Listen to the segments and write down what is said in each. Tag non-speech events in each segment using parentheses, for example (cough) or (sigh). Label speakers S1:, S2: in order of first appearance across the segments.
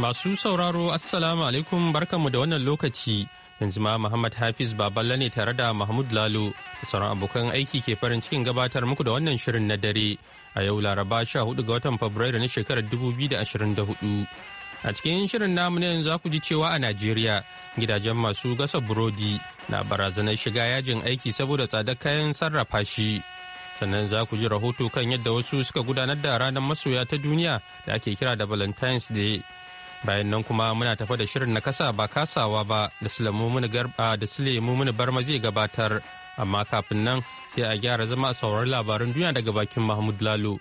S1: Masu sauraro Assalamu alaikum barkanmu da wannan lokaci yanzu ma Muhammad Hafiz Baballa ne tare da Mahmud Lalo da sauran abokan aiki ke farin cikin gabatar muku da wannan shirin na dare a yau Laraba 14 ga watan Fabrairu na shekarar 2024. A cikin shirin namu na yanzu ku ji cewa a Najeriya gidajen masu gasa burodi na barazanar shiga yajin aiki saboda tsadar kayan sarrafa shi. Sannan za ku ji rahoto kan yadda wasu suka gudanar da ranar masoya ta duniya da ake kira da Valentine's Day bayan nan kuma muna tafa da shirin na kasa ba kasawa ba da silemu muni barma zai gabatar amma kafin nan sai a gyara zama a sauraron labarin duniya daga bakin mahmud lalo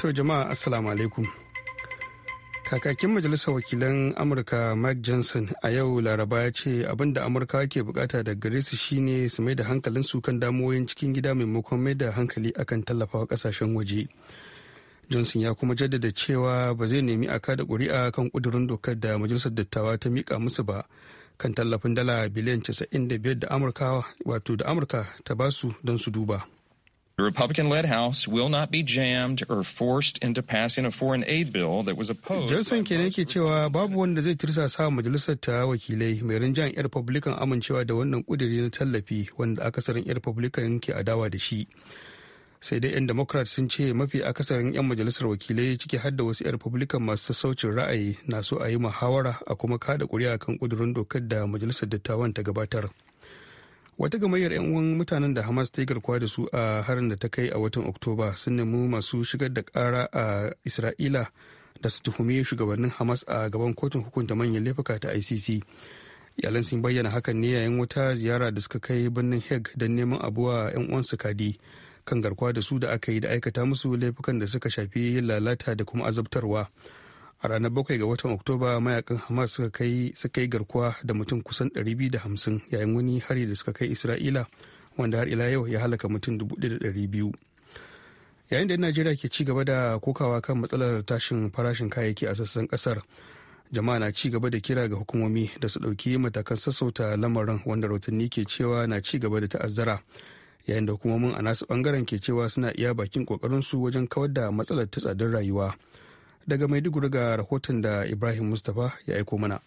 S2: to jama'a assalamu alaikum kakakin majalisar wakilan amurka mark johnson a yau laraba ya ce abinda amurka ke bukata da gare su shine su mai da hankalin su kan damoyin cikin gida maimakon mai da hankali akan tallafawa kasashen waje johnson ya kuma jaddada cewa ba zai nemi a kada kuri'a kan kudurin dokar da majalisar dattawa ta mika musu ba kan tallafin dala biliyan 95 da amurka wato da amurka ta basu don su duba
S1: The Republican led House will not be jammed or forced into passing a foreign aid bill that
S3: was opposed.
S2: Johnson ke yake cewa babu wanda zai tirsasa majalisar ta wakilai mai rinjayen 'yan Republican amincewa da wannan kudiri na tallafi wanda akasarin 'yan Republican ke adawa da shi. Sai dai 'yan Democrat sun ce mafi akasarin 'yan majalisar wakilai ciki har da wasu 'yan Republican masu sassaucin ra'ayi na so a yi muhawara a kuma kada kuri'a kan kudurin dokar da majalisar dattawan ta gabatar. wata gamayyar 'yan uwan mutanen da hamas ta yi garkuwa da su a harin da ta kai a watan oktoba sun nemi masu shigar da kara a isra'ila da su tuhumi shugabannin hamas a gaban kotun hukunta manyan laifuka ta icc iyalan sun bayyana hakan ne yayin wata ziyara da suka kai birnin hague don neman abuwa 'yan uwansu kadi kan garkuwa da su da aka yi da aikata musu laifukan da suka shafi yin lalata da kuma azabtarwa. a ranar bakwai ga watan oktoba mayakan hamas suka kai yi garkuwa da mutum kusan 250 yayin wani hari da suka kai isra'ila wanda har ila yau ya halaka mutum biyu yayin da najeriya ke ci gaba da kokawa kan matsalar tashin farashin kayayyaki a sassan kasar jama'a na ci gaba da kira ga hukumomi da su ɗauki matakan sassauta lamarin wanda rahotanni ke cewa na ci gaba da ta'azzara yayin da hukumomin a nasu bangaren ke cewa suna iya bakin kokarin su wajen kawar da matsalar ta tsadar rayuwa daga maiduguri ga rahoton da ibrahim mustapha ya aiko mana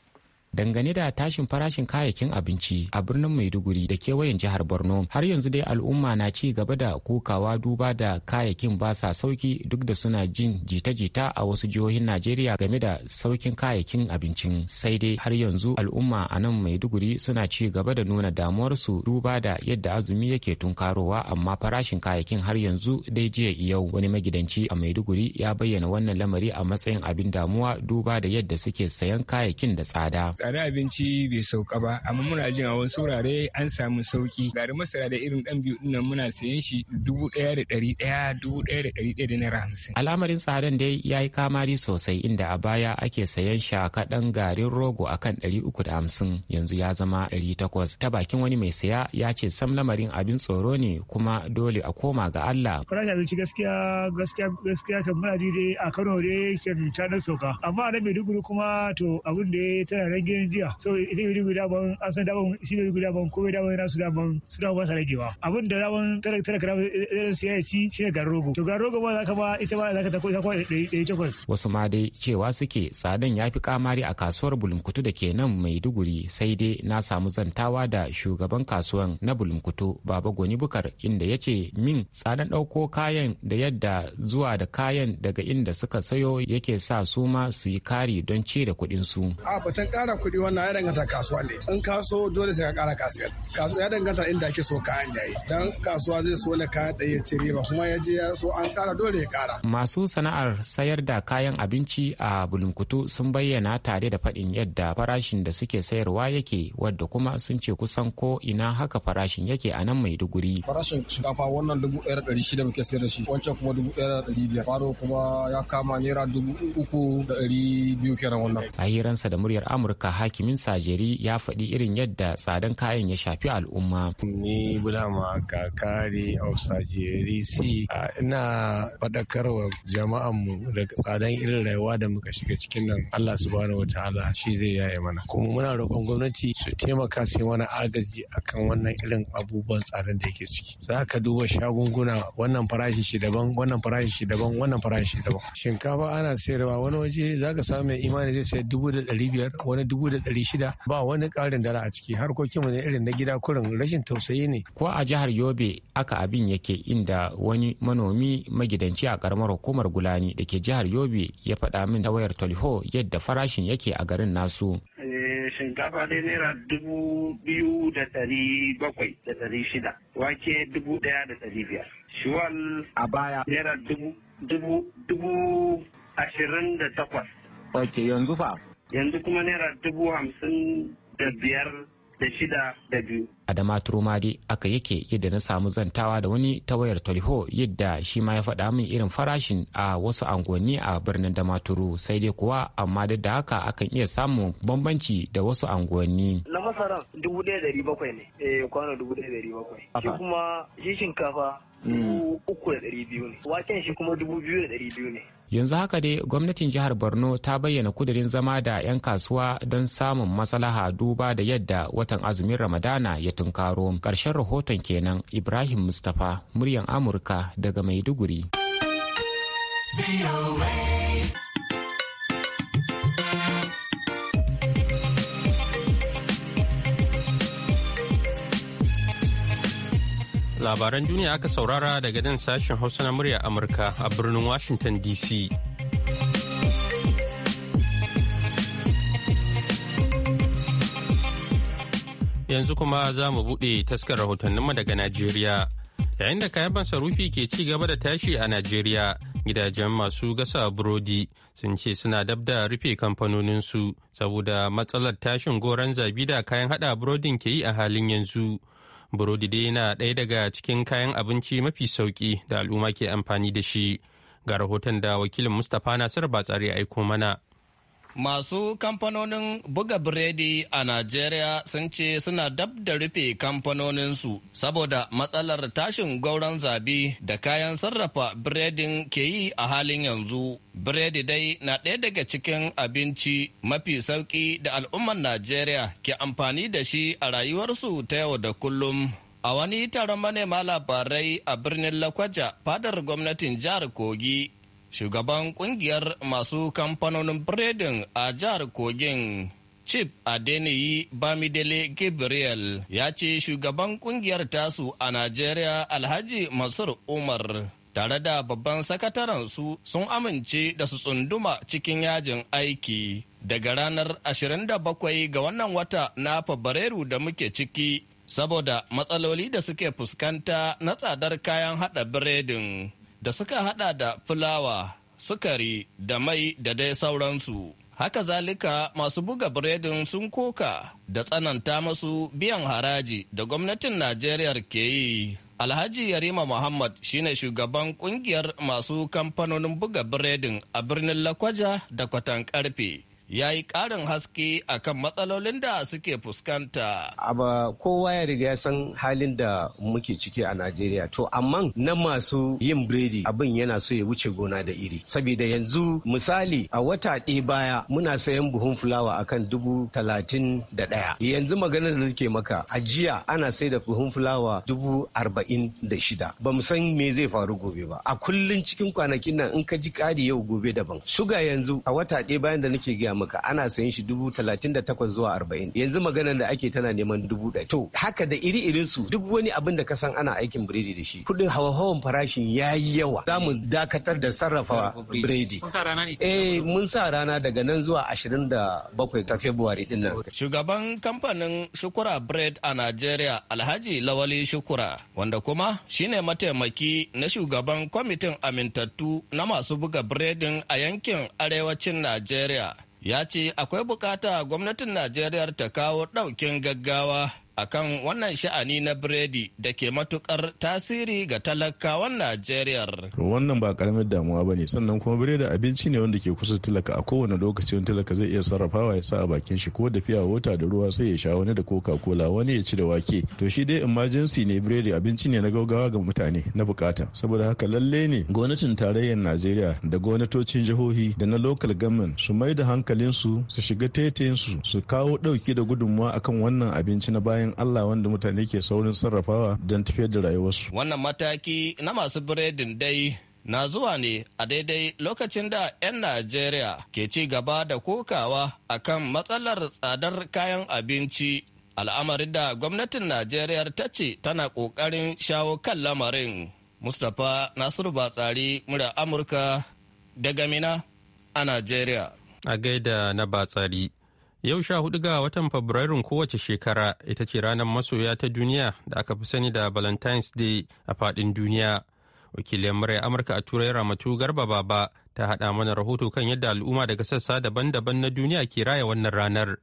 S4: dangane da tashin farashin kayayyakin abinci a birnin maiduguri da kewayen jihar borno har yanzu dai al'umma na ci gaba da kokawa duba da kayayyakin ba sa sauki duk da suna jin jita-jita a wasu jihohin najeriya game da saukin kayayyakin abincin sai dai har yanzu al'umma a nan maiduguri suna ci gaba da nuna damuwarsu duba da yadda azumi yake tunkarowa amma farashin kayayyakin har yanzu dai jiya yau wani magidanci a maiduguri ya bayyana wannan lamari a matsayin abin damuwa duba da yadda suke sayan kayayyakin da tsada tsada abinci bai sauka ba amma muna jin a wasu wurare an samu sauki gari masara da irin dan biyu dinnan muna sayan shi dubu ɗaya da ɗari ɗaya dubu ɗaya da ɗari ɗaya da naira hamsin. Al'amarin tsadan dai ya yi kamari sosai inda a baya ake sayan a kaɗan garin rogo akan ɗari uku da hamsin yanzu ya zama ɗari takwas ta bakin wani mai saya ya ce sam lamarin abin tsoro ne kuma dole a koma ga Allah. Farashin abinci gaskiya gaskiya gaskiya kan muna ji dai a Kano dai kan ta sauka amma a nan Maiduguri kuma to abin da ya tana rage cikin jiya so ita yi guda ban an san daban shi yuri guda ban komai daban yana su daban su daban ba sa ragewa abin da daban tare tare kana irin eh, eh, siya ci shi shine garogo to garogo ba za ka ba ita ba za ka tako ta ko ɗari takwas. wasu ma dai cewa suke tsadan ya fi kamari a kasuwar bulunkutu da ke nan maiduguri sai dai na samu zantawa da shugaban kasuwan na bulunkutu baba goni bukar inda ya ce min tsadan ɗauko kayan da yadda zuwa da kayan daga inda suka sayo yake sa su ma su yi kari don cire kuɗin su.
S2: a batan kara kuɗi wannan ya danganta kasuwa ne in kaso dole sai ka ƙara kasiyar kasuwa ya danganta inda ake so kayan da yi dan kasuwa zai so na kayan da ya ce riba kuma ya je ya so an ƙara dole ya ƙara.
S4: masu sana'ar sayar da kayan abinci a bulunkutu sun bayyana tare da faɗin yadda farashin da suke sayarwa yake wadda kuma sun ce kusan ko ina haka farashin yake a nan maiduguri.
S5: farashin shinkafa wannan dubu ɗaya da ɗari shida muke sayar da shi wancan kuma dubu ɗaya da ɗari biyar faro kuma ya kama naira dubu uku da ɗari biyu kenan wannan.
S4: a hiransa da muryar amurka hakimin sajeri ya faɗi irin yadda tsadan kayan ya shafi al'umma. Ni
S5: Bulama
S4: Kakari of Sajeri
S6: C. Ina faɗakarwa jama'anmu da tsadan irin rayuwa da muka shiga cikin nan Allah subhanahu wa ta'ala shi zai yaye mana. Kuma muna roƙon gwamnati su taimaka su mana agaji akan wannan irin abubuwan tsadan da yake ciki. Za ka duba shagunguna wannan farashin shi daban wannan farashin shi daban wannan farashin shi daban. Shinkafa ana sayarwa wani waje za ka samu mai imani zai sayar dubu da ɗari biyar wani dubu da ɗari shida ba wani ƙarin dara a ciki harkokin mu ne irin na gida kurin rashin tausayi ne.
S4: Ko a jihar Yobe aka abin yake inda wani manomi magidanci a ƙaramar hukumar Gulani da ke jihar Yobe ya faɗa min ta wayar talho yadda farashin yake a garin nasu.
S7: Eh, shinkafa dai naira dubu
S8: biyu da ɗari bakwai da ɗari shida wake dubu ɗaya da ɗari biyar shiwal a baya naira dubu dubu dubu ashirin da takwas
S6: wake yanzu fa yanzu kuma naira dubu hamsin da biyar da
S5: shida da biyu
S4: adama dai aka yake yadda na samu zantawa da wani ta wayar talho yadda shi ma ya faɗa min irin farashin a wasu angonni a birnin damaturu sai dai kuwa amma duk da haka akan iya samun bambanci da wasu angonni
S7: na masara dubu ɗaya da bakwai ne eh kwano dubu ɗaya da bakwai shi kuma shi shinkafa dubu hmm. uku da ɗari biyu ne waken shi kuma dubu biyu da ɗari biyu ne
S4: yanzu haka dai gwamnatin jihar borno ta bayyana kudirin zama da 'yan kasuwa don samun maslaha duba da yadda watan azumin ramadana ya tunkaro ƙarshen rahoton kenan ibrahim mustapha muryan amurka daga maiduguri
S1: labaran duniya aka saurara daga nan sashen hausa na murya amurka a birnin washington dc Yanzu kuma za mu buɗe taskar rahotanninmu daga Najeriya. Yayin da kayan masarufi ke ci gaba da tashi a Najeriya, gidajen masu gasa burodi sun ce suna dab da rufe kamfanoninsu saboda matsalar tashin goron zabi da kayan hada burodin ke yi a halin yanzu. Burodi dai na ɗaya daga cikin kayan abinci mafi sauki da al'umma ke amfani da shi. Ga rahoton da wakilin Mustapha Nasir Batsari aiko mana.
S5: Masu kamfanonin buga biredi a Najeriya sun ce suna dab da rufe kamfanoninsu saboda matsalar tashin gwauron zabi da kayan sarrafa biredin ke yi a halin yanzu. Biredi dai na ɗaya daga cikin abinci mafi sauƙi da al'ummar Najeriya ke amfani da shi a rayuwarsu ta yau da kullum. A wani taron manema labarai a birnin Lakwaja, fadar gwamnatin jihar Kogi shugaban kungiyar masu kamfanonin biredin a jihar kogin chief adeniyi bamidele gabriel ya ce shugaban kungiyar tasu a najeriya alhaji masur umar tare da babban sakataren su sun amince da su tsunduma cikin yajin aiki daga ranar 27 ga wannan wata na fabrairu da muke ciki saboda matsaloli da suke fuskanta na tsadar kayan hada biredin da suka hada da fulawa, sukari da mai da dai sauransu. Haka zalika masu buga biredin sun koka da tsananta masu biyan haraji da gwamnatin Najeriya ke yi. Alhaji Yarima Muhammad shine shugaban kungiyar masu kamfanonin buga biredin a birnin Lakwaja da Kwatan Karfe. ya yi ƙarin haske a kan matsalolin da suke fuskanta.
S6: Aba kowa ya riga ya san halin da muke ciki a Najeriya. To amma na masu yin biredi abin yana so ya wuce gona da iri. Saboda yanzu misali a wata ɗaya baya muna sayan buhun fulawa akan dubu talatin da ɗaya. Yanzu magana da nake maka a jiya ana sai da buhun fulawa dubu arba'in da shida. Ba mu san me zai faru gobe ba. A kullum cikin kwanakin nan in ka ji ƙari yau gobe daban. Suga yanzu a wata ɗaya bayan da nake gaya muka ana sayan shi dubu talatin da takwas zuwa arba'in yanzu maganar da ake tana neman dubu ɗaya to haka da iri irin su duk wani abin da ka san ana aikin biredi da shi kuɗin hawa-hawan farashin ya yi yawa za mu dakatar da sarrafa biredi eh mun sa rana daga nan zuwa ashirin da bakwai ta february din nan shugaban kamfanin shukura
S5: bread a nigeria alhaji lawali shukura wanda kuma shine mataimaki na shugaban kwamitin amintattu na masu buga biredin a yankin arewacin nigeria. ya ce akwai bukata gwamnatin najeriya ta kawo ɗaukin gaggawa akan wannan sha'ani na biredi da ke matukar tasiri ga talakawan Najeriya.
S6: Wannan ba karamin damuwa ba ne sannan kuma biredi abinci ne wanda ke kusa talaka a kowane lokaci wani talaka zai iya sarrafawa ya sa a bakin shi ko da fiya wata da ruwa sai ya sha wani da coca cola wani ya ci da wake to shi dai emergency ne biredi abinci ne na gaugawa ga mutane na bukata saboda haka lalle ne gwamnatin tarayyar Najeriya da gwamnatocin jihohi da na local government su mai da hankalinsu su shiga tetensu su kawo dauki da gudunmuwa akan wannan abinci na bayan bayan Allah wanda mutane ke saurin sarrafawa don tafiyar da rayuwarsu.
S5: Wannan mataki na masu biredin dai na zuwa ne a daidai lokacin da 'yan Najeriya ke ci gaba da kokawa a kan matsalar tsadar kayan abinci al'amarin da gwamnatin Najeriya ta ce tana ƙoƙarin shawo kan lamarin. Mustapha Nasiru Batsari mura Amurka daga Mina a Najeriya.
S1: A gaida na Batsari. Yau sha hudu ga watan Fabrairun kowace shekara ita ce ranar masoya ta duniya da aka fi sani da Valentine's Day a fadin duniya. Wakilin murai Amurka a Turai Ramatu Garba Baba ta haɗa mana rahoto kan yadda al'umma daga sassa daban-daban na duniya ke raya wannan ranar.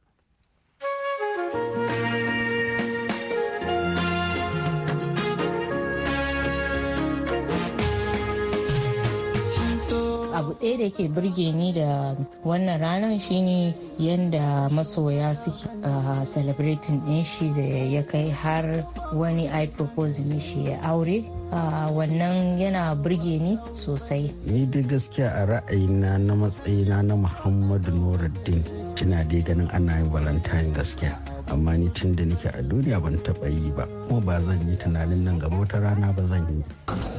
S3: abu ɗaya da ke burge ni da wannan ranar shine yadda masoya suke ah, celebrating ɗin shi da ya kai har wani i propose mishi ya aure ah, wannan yana burge ni sosai
S6: ni da gaskiya a ra'ayina na matsayina na muhammadu nuruddin kina dai ganin ana yin valentine gaskiya amma ni tun da nake a duniya ban taɓa yi ba kuma ba zan yi tunanin nan gaba wata rana ba zan yi.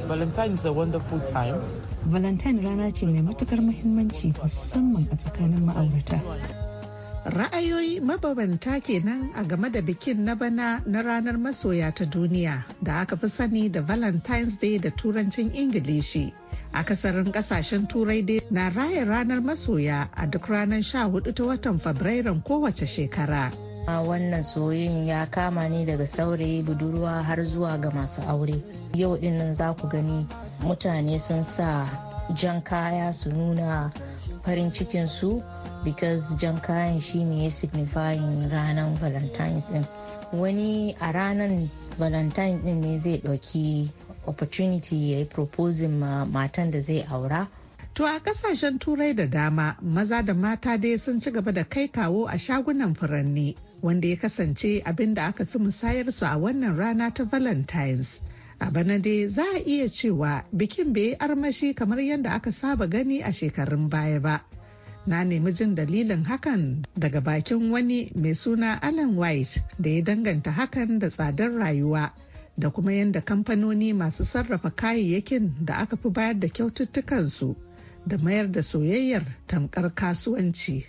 S4: Valentine is a wonderful
S6: time.
S3: Valentine rana ce mai matukar muhimmanci musamman a tsakanin ma'aurata. Ra'ayoyi mabambanta kenan a game da bikin na bana na ranar masoya ta duniya da aka fi sani da Valentine's Day da Turancin Ingilishi. a akasarin kasashen turai dai na raya ranar masoya a duk ranar 14 ta watan fabrairun kowace shekara wannan soyayyen ya kama ne daga saurayi budurwa har zuwa ga masu aure yau dinnan za ku gani mutane sun sa jan kaya su nuna farin cikin su because jan kayan shine ya signifying ranar valentines din wani a ranan valentines din ne zai ɗauki opportunity ya yi proposing ma matan da zai aura To a kasashen turai da dama maza da mata dai sun ci gaba da kai kawo a shagunan furanni wanda ya kasance abin da aka fi musayarsu a wannan rana ta valentines a bana dai za a iya cewa bikin bai yi armashi kamar yadda aka saba gani a shekarun baya ba na nemi jin dalilin hakan daga bakin wani mai suna alan white da ya danganta hakan da tsadar rayuwa da kuma yadda kamfanoni masu sarrafa kayayyakin da aka fi bayar da kyaututtukansu da mayar da soyayyar tamkar kasuwanci.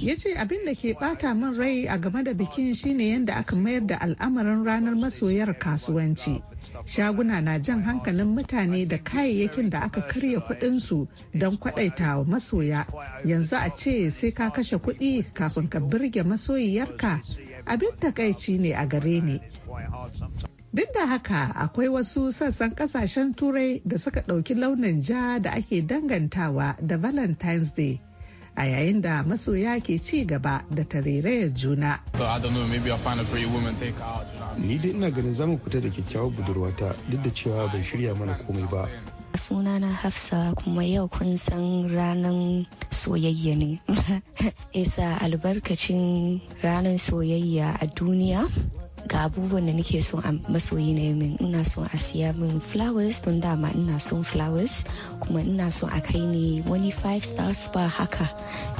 S3: Ya ce abin da ke bata min rai a game da bikin shine yadda aka mayar da al'amarin ranar masoyar kasuwanci. Shaguna na jan hankalin mutane da kayayyakin da aka karya kudinsu don kwadaita wa masoya. Yanzu a ce sai ka kashe kuɗi kafin ka birge masoyiyarka abin takaici ne a gare ni. Duk da haka akwai wasu sassan kasashen turai da suka ɗauki launin ja da ake dangantawa da Valentine's Day. a yayin da masoya ke ci gaba da tarairayar juna.
S2: Ni dai ina ganin zama fita da kyakkyawar budurwata duk da cewa ban shirya mana komai ba.
S5: sunana hafsa kuma yau kun san ranar soyayya ne (laughs) isa albarkacin ranar
S3: soyayya a duniya ga abubuwan da nake son a masoyi na yamin ina son a siya min flowers don dama ina son flowers kuma ina son a kai ni wani five star spa haka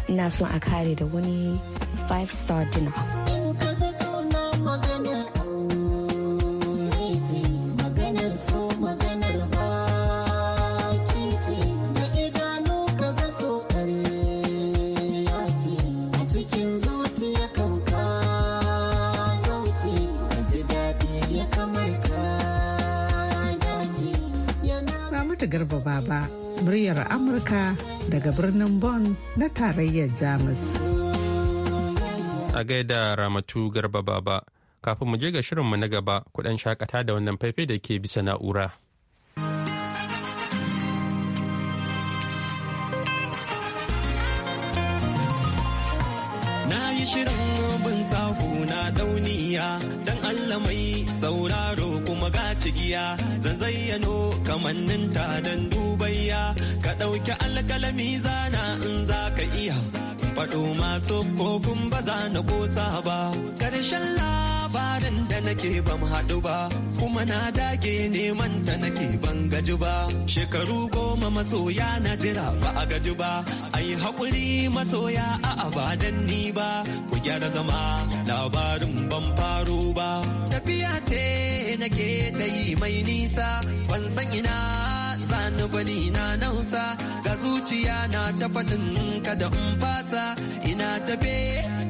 S3: ina son a kare da wani five star dinner. Amurka daga birnin Bonn na tarayyar Jamus.
S1: A gaida Ramatu Garba Baba, kafin mu je ga shirinmu na gaba kudan shakata da wannan faifai da ke bisa na'ura.
S9: Na yi shirin bin sako na dauniya, don Allah mai sauraro. cigiya zan zayyano ta don dubayya ka ɗauki alkalami zana in za ka iya faɗo masu kokun ba za na ƙosa ba ƙarshen la labarin da nake ban haɗu ba kuma na dage neman ta nake ban gaji ba shekaru goma masoya na jira ba a gaji ba ayi haƙuri masoya a abadan ni ba ku gyara zama labarin ban faro ba tafiya ce nake ta yi mai nisa ban san ina sani bani na nausa ga zuciya na ta faɗin kada in fasa ina tafe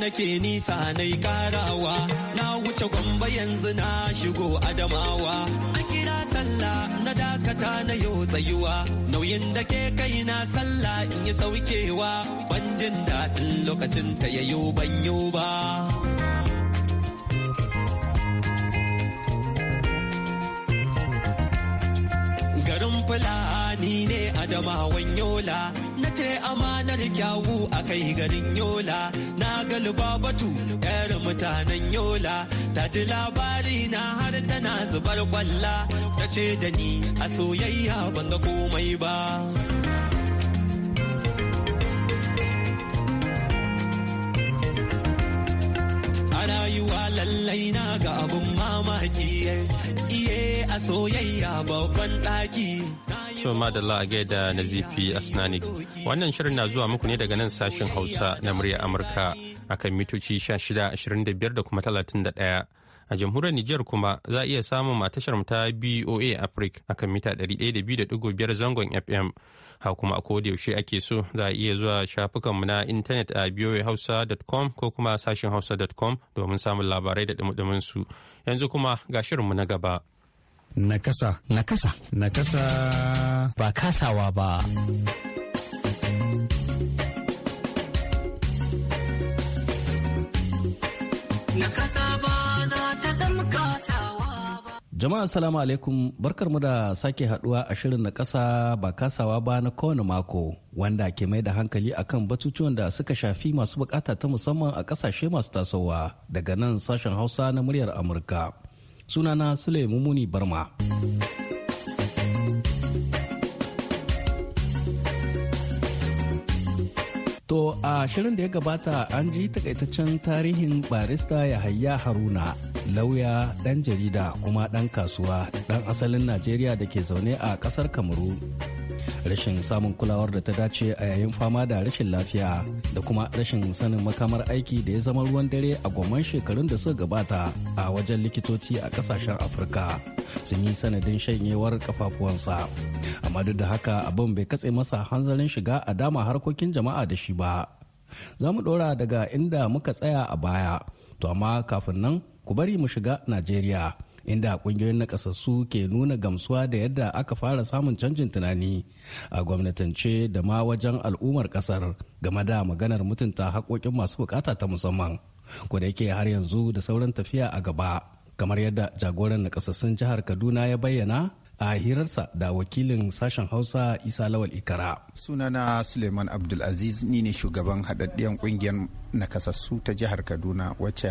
S9: nake nisa na yi karawa na wuce gwamba yanzu na shigo adamawa an kira sallah na dakata na yau tsayuwa nauyin da ke kai na sallah in yi saukewa ban jin daɗin lokacin ta yayo ban yau ba garin fulani ne adamawan yola ce amanar kyawu a kai garin yola na galiba batu yar mutanen yola ta ji labari na har tana zubar kwalla ta ce da ni a soyayya ban ga komai ba rayuwa lallai na ga abun mamaki iye a soyayya babban ɗaki
S1: To madalla a gaida na zifi asnanik wannan shirin na zuwa muku ne daga nan sashen hausa na murya amurka a kan mitoci 16 da kuma 31 a jamhuriyar Nijar kuma za a iya samun matashar ta BOA Africa kan mita 102.5 zangon FM. Ha kuma a koda yaushe ake so za a iya zuwa shafukanmu na intanet a boahausa.com ko kuma sashen hausa.com domin samun labarai da dumudumin su. Yanzu kuma ga shirinmu na gaba. Nakasa. Nakasa. Nakasa. Ba kasawa ba.
S6: Jama'a salamu alaikum barkar mu da sake haduwa a shirin na kasa ba kasawa ba na kowane mako wanda ke mai da hankali akan batutuwan da suka shafi masu bukata ta musamman a kasashe masu tasowa daga nan sashen hausa na muryar Amurka. sunana sule mumuni barma To a shirin da ya gabata an ji takaitaccen tarihin barista Yahaya Haruna lauya dan jarida kuma dan kasuwa dan asalin Najeriya da ke zaune a ƙasar Kamaru rashin samun kulawar da ta dace a yayin fama da rashin lafiya da kuma rashin sanin makamar aiki da ya zama ruwan dare a gwamman shekarun da suka gabata a wajen likitoci a kasashen afirka sun yi sanadin shanyewar kafafuwansa amma duk da haka abin bai katse masa hanzarin shiga a dama harkokin jama'a da shi ba za mu ɗora daga inda muka tsaya a baya to amma kafin nan ku bari mu shiga najeriya inda kungiyoyin nakasassu ke nuna gamsuwa da yadda aka fara samun canjin tunani a gwamnatance da ma wajen al'ummar kasar game da maganar mutunta haƙoƙin masu bukata ta musamman ko da yake har yanzu da sauran tafiya a gaba kamar yadda jagoran nakasassun jihar kaduna ya bayyana a hirarsa da wakilin sashen hausa isa lawal
S8: ikara sunana suleiman abdulaziz ni ne shugaban haɗaɗɗiyar ƙungiyar nakasassu ta jihar kaduna wacce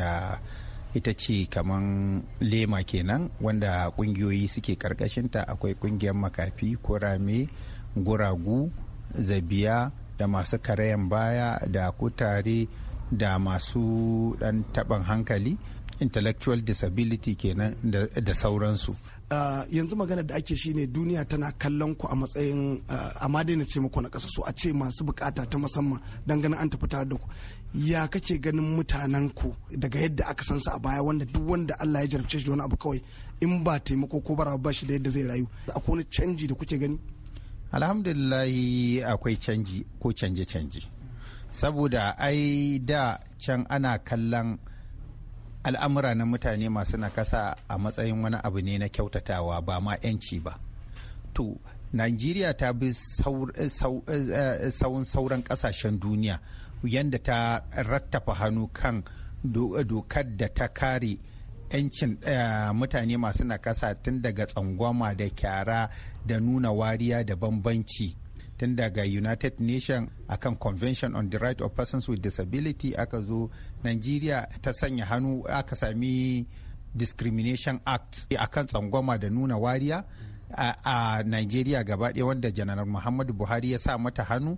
S8: ita ce kaman lema kenan wanda kungiyoyi suke karkashinta akwai kungiyar makafi kurame guragu zabiya da masu karayan baya da kutare da masu dan taban hankali intellectual disability kenan da sauransu Eh, yanzu magana da ake shine duniya tana kallon ku a matsayin eh, amma dai na ce muku na ƙasa so a ce masu bukata ta musamman don ganin an tafi tare da ku ya kake ganin mutanen ku daga yadda aka san su a baya wanda duk wanda Allah ya jarabce shi wani abu kawai in ba taimako ko bara ba shi da yadda zai rayu akwai wani canji da kuke gani alhamdulillah akwai canji ko canje-canje saboda ai da can ana kallon al'amura na mutane masu nakasa a matsayin wani abu ne na kyautatawa ba ma 'yanci ba to najeriya ta bi eh, eh, eh, sauran sauran kasashen duniya yadda ta rattafa hannu kan dokar da ta kare 'yancin mutane masu nakasa tun daga tsangwama da kyara da nuna wariya da bambanci tun daga united nation akan convention on the right of persons with disability aka zo nigeria ta sanya hannu aka sami discrimination act akan tsangwama da nuna wariya a nigeria gaba ɗaya wanda janar muhammadu buhari ya sa mata hannu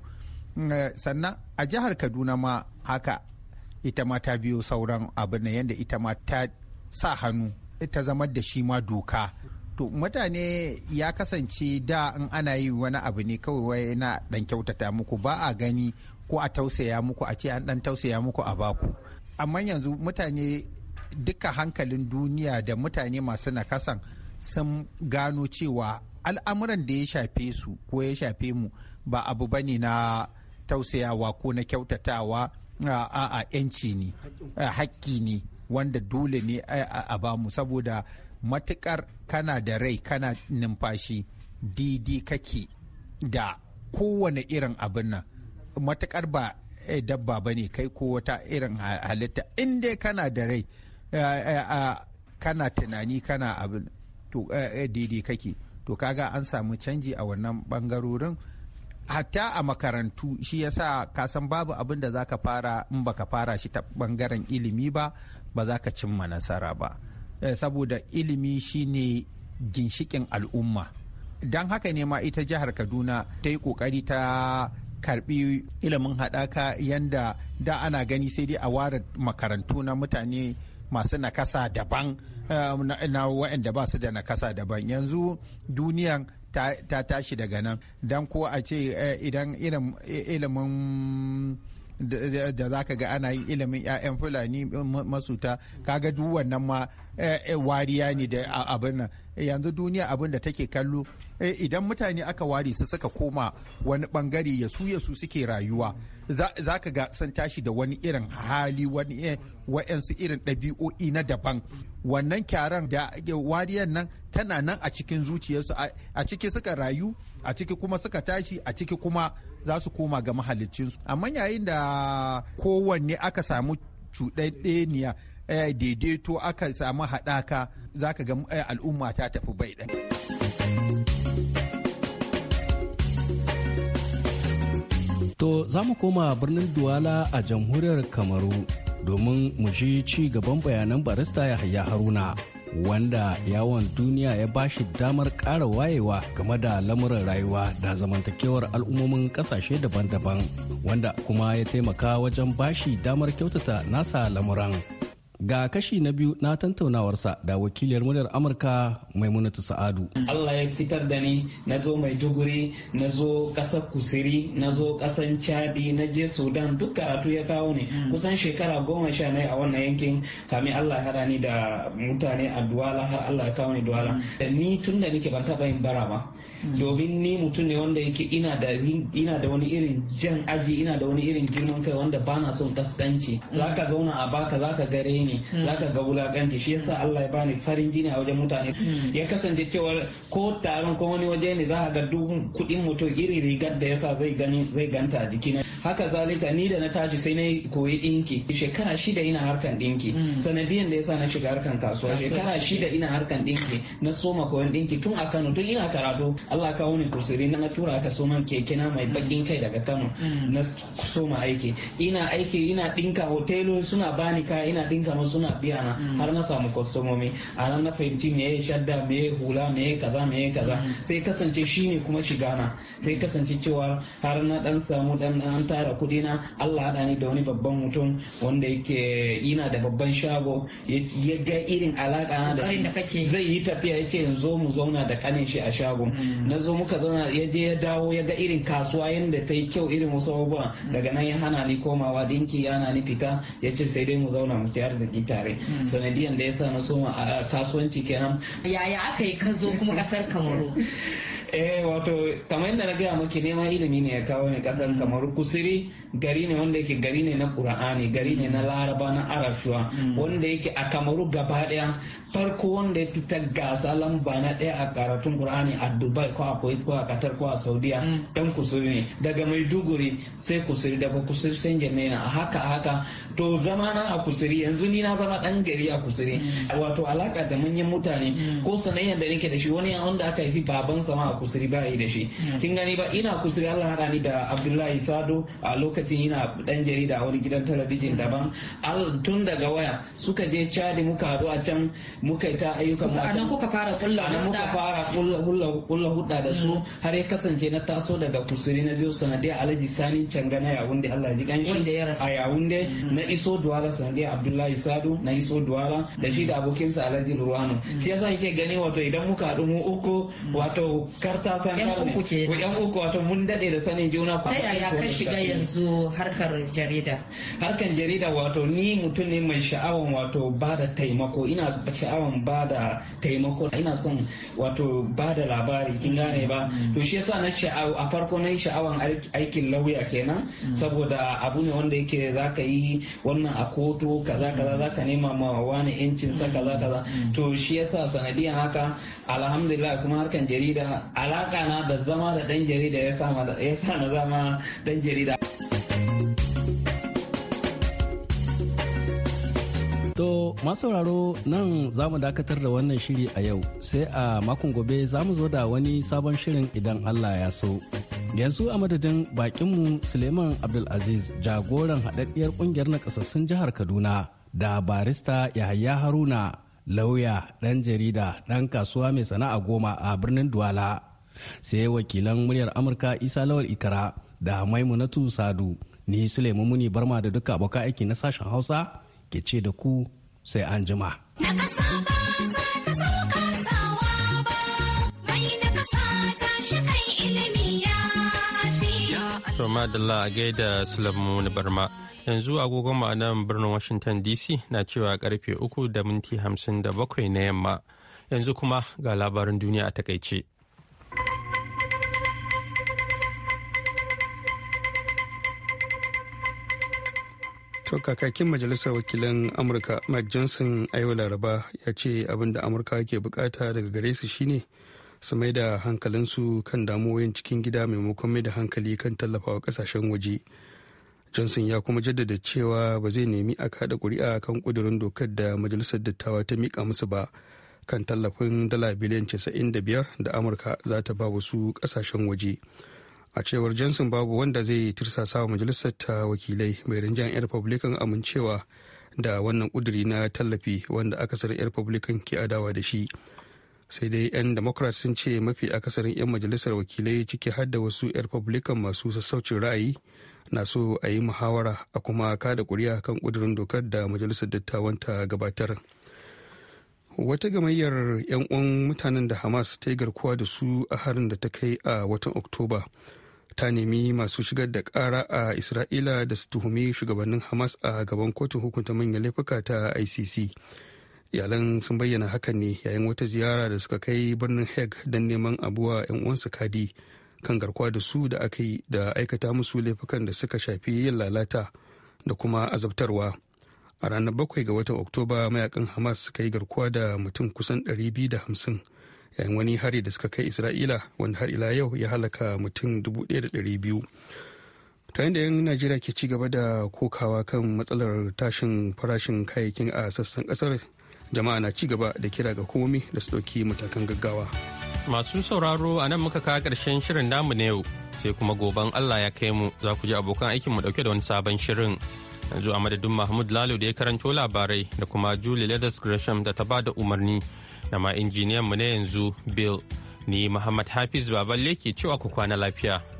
S8: mm, eh, sannan a jihar kaduna ma haka ita ma ta biyo sauran abin yadda ita ma ta sa hannu ta zama da shi ma doka to mutane ya kasance da in ana yi wani abu ne kawai wai na dan kyautata muku ba a gani ko a tausaya muku a ce an dan tausaya muku a baku amma yanzu mutane duka hankalin duniya da mutane masu nakasan sun gano cewa al'amuran da ya shafe su ko ya shafe mu ba abu ba ne na tausayawa ko na kyautatawa a 'yanci ne haƙƙi ne wanda dole ne a bamu saboda matukar kana da rai kana numfashi didi kake da kowane irin abin nan matukar ba eh, dabba ba ne kai ko wata irin halitta in dai kana da rai eh, eh, ah, kana tunani kana abin to didi kake to kaga an samu canji a wannan bangarorin hatta a makarantu shi yasa ka san babu abin da zaka fara in baka fara shi ta bangaren ilimi ba ba za ka cimma nasara ba Eh, saboda ilimi shine ginshikin al'umma don haka ne ma ita jihar kaduna ta yi kokari ta karbi ilimin haɗaka yanda da ana gani sai dai a ware makarantu na mutane masu nakasa daban eh, na waɗanda ba su da nakasa daban yanzu duniyan ta tashi daga nan don ko a ce eh, idan ilimin da za ka ga ana yin ilimin 'ya'yan fulani masuta kaga duk wannan ma eh, eh, wariya ne da abin nan eh, yanzu duniya abin da take kallo idan mutane aka ware su suka koma wani bangare ya su ya su suke rayuwa za ka ga sun tashi da wani irin hali wani wa'yansu irin ɗabi'o'i na daban wannan kyaran da wariyar nan tana nan a cikin zuciyarsu a ciki suka rayu a ciki kuma suka tashi a ciki kuma za su koma ga mahallicinsu amma yayin da kowanne aka samu cuɗaɗɗeniya eh, daidaito aka samu haɗaka za ka ga eh, al'umma ta tafi bai ɗan
S6: To za mu koma birnin Duwala a jamhuriyar Kamaru domin mu ci gaban bayanan barista Yahaya Haruna wanda yawon duniya ya ba shi damar ƙara wayewa game da lamuran rayuwa da zamantakewar al'ummomin ƙasashe daban-daban wanda kuma ya taimaka wajen bashi damar kyautata nasa lamuran ga kashi na biyu na tantaunawarsa da wakiliyar muryar amurka maimunatu sa'adu
S7: allah ya fitar da ni na zo maiduguri na zo ƙasar kusiri na zo kasar chadi na je sudan duk karatu ya kawo ne mm. kusan shekara goma sha ne a wannan yankin kami allah ya haɗa ni da mutane a duwala har allah ya kawo ni duwala mm. ni tun da nake ban taɓa yin bara ba domin ni mutum ne wanda yake ina da wani irin jan aji ina da wani irin girman kai wanda bana son kaskanci ka zauna a baka za ka gare ni ka ga wulakanci shi yasa Allah ya bani farin jini a wajen mutane ya kasance cewa ko taron ko wani waje ne a ga duk kuɗin mutum irin rigar da yasa zai gani zai ganta a na. haka zalika ni da na tashi sai na koyi dinki shekara shida ina harkan dinki sanadiyan da yasa na shiga harkan kasuwa shekara shida ina harkan dinki na soma koyon dinki tun a Kano tun ina karatu Allah kawo ni kusuri na tura aka so man keke na mai bakin kai daga Kano mm. na so ma aiki ina aiki ina dinka hotelo suna bani kaya ina dinka ma suna biya na mm. har na samu kostomomi. a nan na fahimci me ya shadda me ya hula me ya kaza me ya kaza mm. sai kasance shi ne kuma shiga na sai kasance cewa har na dan samu dan an tara kudi na Allah ya ni da wani babban mutum wanda yake ina da babban shago ya ga irin alaka na da zai yi tafiya yake yanzu mu zauna da kanin shi a shago. na zo muka zauna ya je ya dawo ya ga irin kasuwa yadda ta yi kyau irin wasu abubuwan daga nan ya hana ni komawa dinki ya hana ni fita ya ce sai dai mu zauna mu ci da tare hmm. sanadiyan da ya sa na soma kasuwanci kenan yaya
S3: aka yi ka kuma kasar kamaru (laughs)
S7: eh wato kamar yadda na gaya maki neman ilimi ne ya kawo ne kasar hmm. kamaru kusiri gari ne wanda yake gari ne na qur'ani gari ne na hmm. laraba na arabshuwa wanda yake a kamaru gaba daya farko wanda ya fita gasa lamba na ɗaya a karatun Kur'ani a Dubai ko a Kuwait ko a Qatar ko a Saudiya dan mm. kusuri ne daga Maiduguri sai kusuri daga kusuri sai Jamaina haka haka to zama na a kusuri yanzu ni na zama dan gari a kusuri mm. wato alaka da manyan mutane mm. ko sanayyar da nake da shi wani wanda aka haifi baban ma a kusuri ba yi da shi kin gani ba ina kusuri Allah hada ni da Abdullahi Sado a lokacin ina dan jarida a wani gidan talabijin daban tun daga waya suka je cadi muka haɗu a can muka yi ta ayyukan mu anan kuka fara kulla hudda muka fara kulla hudda da su mm. har ya kasance na taso daga kusuri na biyu sanadiyar alhaji sani canga na da Allah ji kanshi a da mm. na iso duwala sanadiyar abdullahi sadu na iso duwala da shi da mm. abokinsa alhaji ruwanu shi yasa yake gani wato idan muka haɗu mu uku wato karta san karne ko yan uku wato mun dade da sanin juna ko ta ya ka shiga yanzu harkar jarida harkar jarida wato ni mutum ne mai sha'awan wato ba da taimako ina sha'awan ba da taimako ina son wato ba da labari kin gane ba mm. to shi yasa na sha'awa a farko na yi sha'awan aikin lauya kenan mm. saboda abu ne wanda yake zaka yi wannan a kotu kaza kaza zaka nema ma wani yancin sa kaza kaza mm. to shi yasa sanadiyan haka alhamdulillah kuma harkan jarida alaka na da zama da dan jarida ya sa na zama dan jarida
S6: To masauraro nan za mu dakatar da wannan shiri a yau sai a makon gobe za mu zo da wani sabon shirin idan Allah ya so. Yanzu a madadin bakinmu Suleiman Abdulaziz jagoran haɗaɗɗiyar ƙungiyar na ƙasassun jihar Kaduna da barista Yahaya Haruna lauya ɗan jarida ɗan kasuwa mai sana'a goma a birnin Duwala. Sai wakilan muryar Amurka Isa Lawal Ikara da Maimunatu Sadu ni Suleiman Muni Barma da duka abokan aiki na sashen Hausa. ke ce da ku sai an jima.
S1: Madalla a gaida Sulaimu Barma yanzu agogon ma'anar birnin Washington DC na cewa karfe uku da minti hamsin da bakwai na yamma yanzu kuma ga labarin duniya a takaice.
S2: to kakakin majalisar wakilan amurka mike johnson a yau laraba ya ce abin da amurka ke bukata daga gare su shine su mai da hankalinsu kan damuwoyin cikin gida maimakon mai da hankali kan tallafawa kasashen waje johnson ya kuma jaddada cewa ba zai nemi a kada kuri'a kan kudurin dokar da majalisar dattawa ta mika musu ba kan tallafin dala biliyan 95 da amurka za ta ba wasu kasashen waje. a cewar jensen babu wanda zai tirsasa wa majalisar ta wakilai mai rinjayen 'yan republican amincewa da wannan kuduri na tallafi wanda akasarin 'yan republican ke adawa da shi sai dai 'yan democrat sun ce mafi akasarin 'yan majalisar wakilai ciki har da wasu 'yan republican masu sassaucin ra'ayi na so a yi muhawara a kuma kada kuri'a kan kudurin dokar da majalisar dattawan ta gabatar wata gamayyar 'yan uwan mutanen da hamas ta yi garkuwa da su a harin da ta kai a watan oktoba ta nemi masu shigar da kara a isra'ila da su tuhumi shugabannin hamas a gaban kotun hukunta manyan laifuka ta icc iyalan sun bayyana hakan ne yayin wata ziyara da suka kai birnin hague don neman abuwa 'yan uwansu kadi kan garkuwa da su da aka yi da aikata musu laifukan da suka shafi yin lalata da kuma azabtarwa a ranar bakwai ga watan oktoba mayakan hamas suka yi garkuwa da mutum kusan 250 yayin wani hari da suka kai isra'ila wanda har ila yau ya halaka mutum 1,200 ta da yan najeriya ke ci gaba da kokawa kan matsalar tashin farashin kayayyakin a sassan kasar jama'a na ci gaba da kira ga komi da su ɗauki matakan gaggawa
S1: masu sauraro a nan muka kawo karshen shirin namu na yau sai kuma goben allah ya kai mu za ku ji abokan aikin mu ɗauke da wani sabon shirin yanzu a madadin mahmud lalo da ya karanto labarai da kuma julie leathers gresham da ta ba da umarni da ma injiniyan mu na yanzu bill ni muhammad hafiz baballe ke cewa ku kwana lafiya